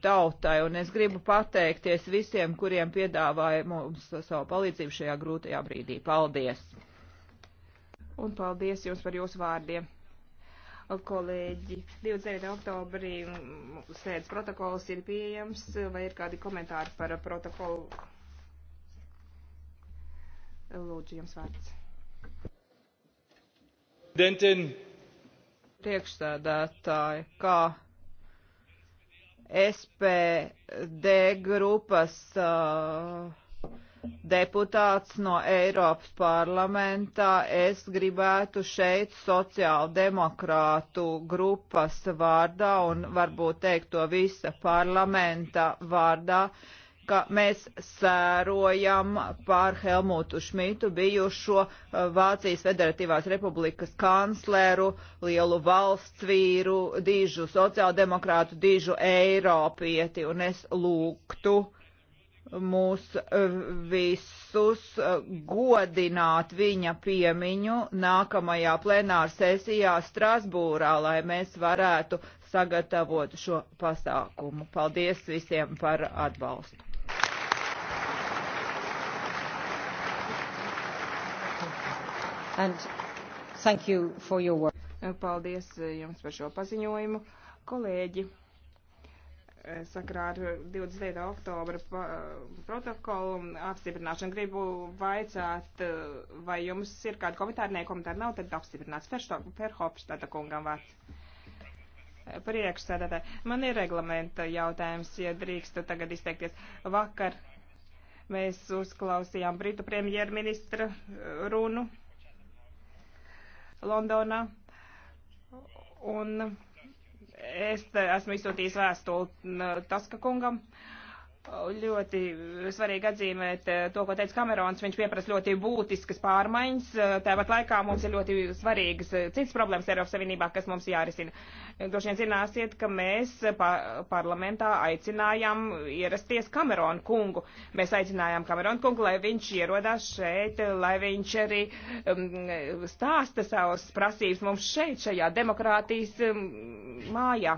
tautai, un es gribu pateikties visiem, kuriem piedāvāja mums savu palīdzību šajā grūtajā brīdī. Paldies! Un paldies jums par jūsu vārdiem! Kolēģi, 29. oktobrī sēdes protokols ir pieejams, vai ir kādi komentāri par protokolu? Lūdzu, jums vārds. Dentin. Priekšsēdētāji, kā SPD grupas uh, deputāts no Eiropas parlamentā, es gribētu šeit sociāldemokrātu grupas vārdā un varbūt teikt to visa parlamenta vārdā ka mēs sērojam pār Helmutu Šmitu, bijušo uh, Vācijas Federatīvās Republikas kancleru, lielu valsts vīru, dīžu sociāldemokrātu, dīžu eiropieti, un es lūgtu mūs uh, visus uh, godināt viņa piemiņu nākamajā plenāra sesijā Strasbūrā, lai mēs varētu sagatavot šo pasākumu. Paldies visiem par atbalstu! And thank you for your work. Paldies jums par šo paziņojumu. Kolēģi, sakrā ar 29. oktobra protokolu apstiprināšanu gribu vaicāt, vai jums ir kādi komentāri, ne komentāri nav, tad apstiprināts. Ferhopštata kungam vārds. Priekšsēdētāji, man ir reglamenta jautājums, ja drīkstu tagad izteikties. Vakar mēs uzklausījām Britu premjerministra runu Londonā. Un es esmu izsūtījis vēstuli Taska kungam. Uh, ļoti svarīgi atzīmēt eh, to, ko teica Kamerons. Viņš pieprasa ļoti būtiskas pārmaiņas. Eh, tāpat laikā mums ir ļoti svarīgas eh, citas problēmas Eiropas Savienībā, kas mums jārisina. Droši vien zināsiet, ka mēs pa parlamentā aicinājām ierasties Kameronu kungu. Mēs aicinājām Kameronu kungu, lai viņš ierodās šeit, lai viņš arī um, stāsta savas prasības mums šeit, šajā demokrātijas um, mājā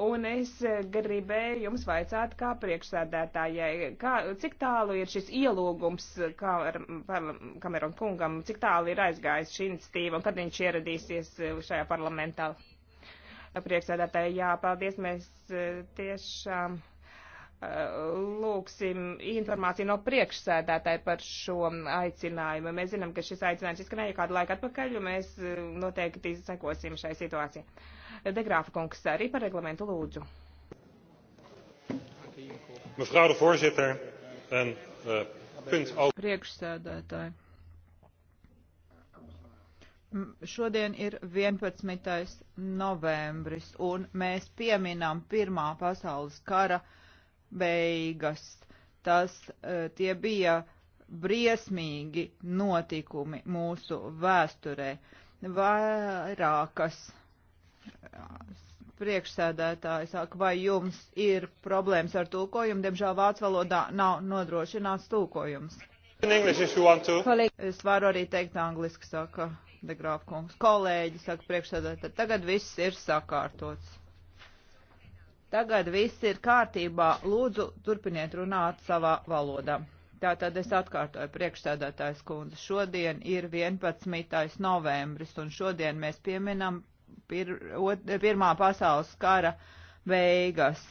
Un es gribēju jums vaicāt, kā priekšsēdētājai, kā, cik tālu ir šis ielūgums kā ar, par, Kamerun kungam, cik tālu ir aizgājis šī iniciatīva un kad viņš ieradīsies uh, šajā parlamentā. Priekšsēdētāji, jā, paldies, mēs uh, tiešām lūksim informāciju no priekšsēdētāja par šo aicinājumu. Mēs zinām, ka šis aicinājums izskanēja kādu laiku atpakaļ, un mēs eh, noteikti sekosim šai situācijai. Degrāfa kungs, arī par reglamentu lūdzu. Mevrouw de voorzitter, en uh, eh, punt over. Priekšsēdētāji. Šodien ir 11. novembris, un mēs pieminam Pirmā pasaules kara uh, beigas. Tas e, tie bija briesmīgi notikumi mūsu vēsturē. Vairākas e, priekšsēdētāji saka, vai jums ir problēmas ar tulkojumu? Diemžēl vācu valodā nav nodrošināts tulkojums. Es varu arī teikt angliski, saka Degrāf kungs. Kolēģi, saka priekšsēdētāji, tagad viss ir sakārtots. Tagad viss ir kārtībā. Lūdzu, turpiniet runāt savā valodā. Tātad es atkārtoju priekšsēdētājs kundze. Šodien ir 11. novembris un šodien mēs pieminam pir, ot, Pirmā pasaules kara beigas.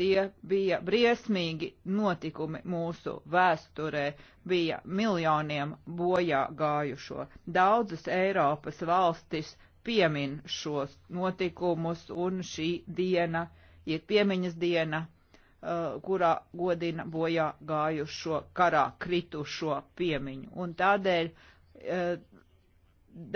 Tie bija briesmīgi notikumi mūsu vēsturē, bija miljoniem bojā gājušo. Daudzas Eiropas valstis piemin šos notikumus un šī diena uh, ir piemiņas diena, uh, kurā godina bojā gājušo karā kritušo piemiņu. Un tādēļ uh,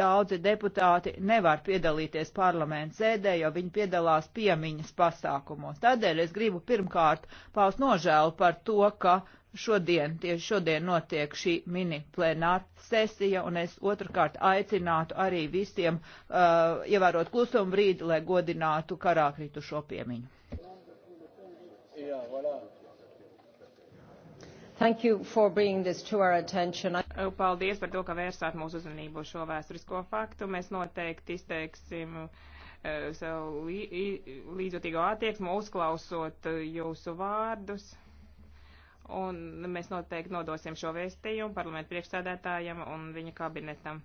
daudzi deputāti nevar piedalīties parlamentu sēdē, jo viņi piedalās piemiņas pasākumos. Tādēļ es gribu pirmkārt paust nožēlu par to, ka Šodien, tieši šodien notiek šī mini plenāra sesija, un es otrkārt aicinātu arī visiem uh, ievērot klusumu brīdi, lai godinātu karākrītu šo piemiņu. Jā, voilà. Thank you for bringing this to our attention. Uh, paldies par to, ka vērsāt mūsu uzmanību šo vēsturisko faktu. Mēs noteikti izteiksim uh, savu līdzotīgo attieksmu, uzklausot uh, jūsu vārdus un mēs noteikti nodosim šo vēstījumu parlamentu priekšsēdētājam un viņa kabinetam.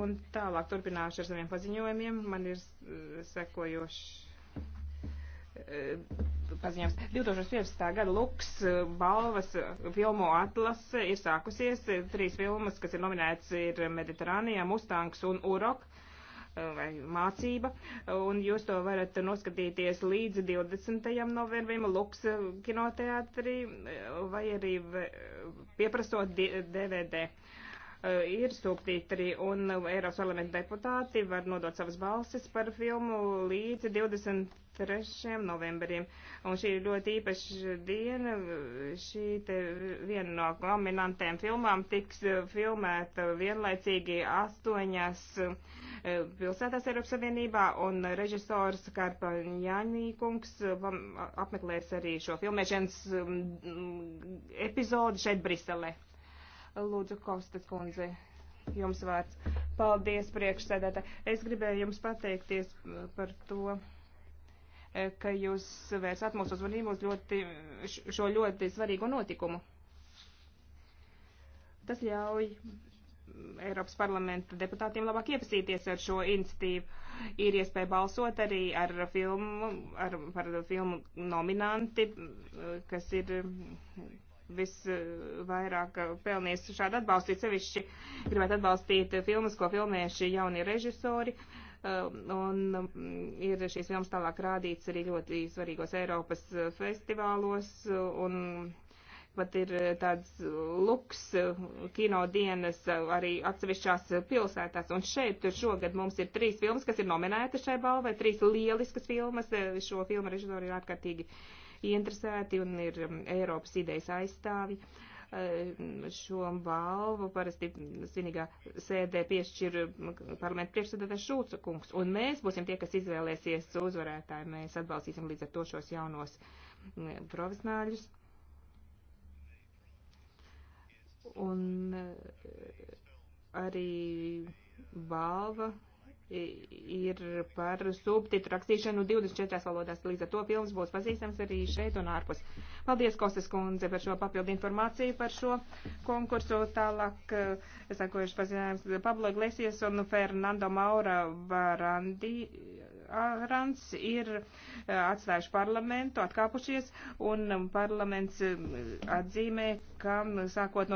Un tālāk turpināšu ar saviem paziņojumiem. Man ir eh, sekojoši eh, paziņojums. 2015. gada Luks eh, balvas filmu atlase ir sākusies. Trīs filmas, kas ir nominētas, ir Mediterānijā, Mustangs un Urok vai mācība, un jūs to varat noskatīties līdz 20. novembrim Luks kinoteātrī vai arī pieprasot DVD. Eh, ir subtitri, un eh, Eiropas parlamenta deputāti var nodot savas balsis par filmu līdz 23. novembrim. Un šī ir ļoti īpaša diena. Šī te viena no dominantēm filmām tiks eh, filmēta vienlaicīgi astoņās pilsētās Eiropas Savienībā, un režisors Karpa Jāņīkungs apmeklēs arī šo filmēšanas mm, epizodi šeit Briselē. Lūdzu, Kostas kundze, jums vārds. Paldies, priekšsēdētā. Es gribēju jums pateikties par to, e, ka jūs vērsāt mūsu uzmanību uz ļoti, šo ļoti svarīgo notikumu. Tas ļauj Eiropas parlamenta deputātiem labāk iepazīties ar šo institīvu. Ir iespēja balsot arī ar filmu, ar, par filmu nominanti, kas ir visvairāk eh, pelnījis šādu atbalstu, sevišķi gribētu atbalstīt filmas, ko filmējuši jaunie režisori. Eh, un mm, ir šīs filmas tālāk rādīts arī ļoti svarīgos Eiropas eh, festivālos. Un pat ir tāds luks kino dienas arī atsevišķās pilsētās. Un šeit šogad mums ir trīs filmas, kas ir nominētas šai balvai, trīs lieliskas filmas. Šo filmu režisori ir ārkārtīgi uh, interesēti un ir um, Eiropas idejas aizstāvi. Um, šo balvu parasti svinīgā sēdē piešķir um, parlamentu priekšsēdētājs Šulca kungs, un mēs būsim tie, kas izvēlēsies uzvarētāju. Mēs atbalstīsim līdz ar to šos jaunos profesionāļus. Un uh, arī balva ir par subtitru rakstīšanu 24 valodās. Līdz ar to filmas būs pazīstams arī šeit un ārpus. Paldies, Kostas kundze, par šo papildu informāciju par šo konkursu. Tālāk eh, sakojuši paziņojums eh, Pablo Iglesias un Fernando Maura Varandi. Eh, Arants ir atstājuši parlamentu, atkāpušies, un parlaments atzīmē, ka sākot no